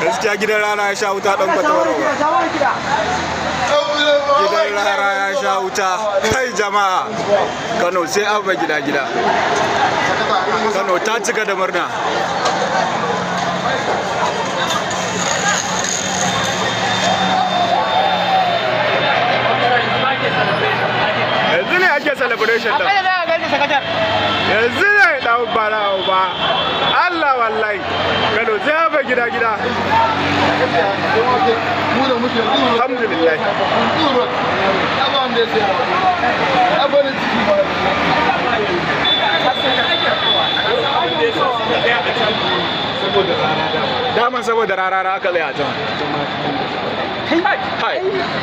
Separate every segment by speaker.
Speaker 1: gaskiya gidan rana ya sha wuta dan kwata gidan rana ya sha wuta kai jama'a kano sai abba gida gida kano ta cika da murna
Speaker 2: yanzu ne ake celebration da yanzu ne dan bara ba Allah wallahi to gida gida alhamdulillah
Speaker 1: daman saboda rarara aka tsaye a
Speaker 2: can hai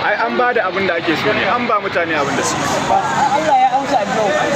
Speaker 1: ai an ba da abin da ake so ne an ba mutane abin da su Allah ya amsa addu'a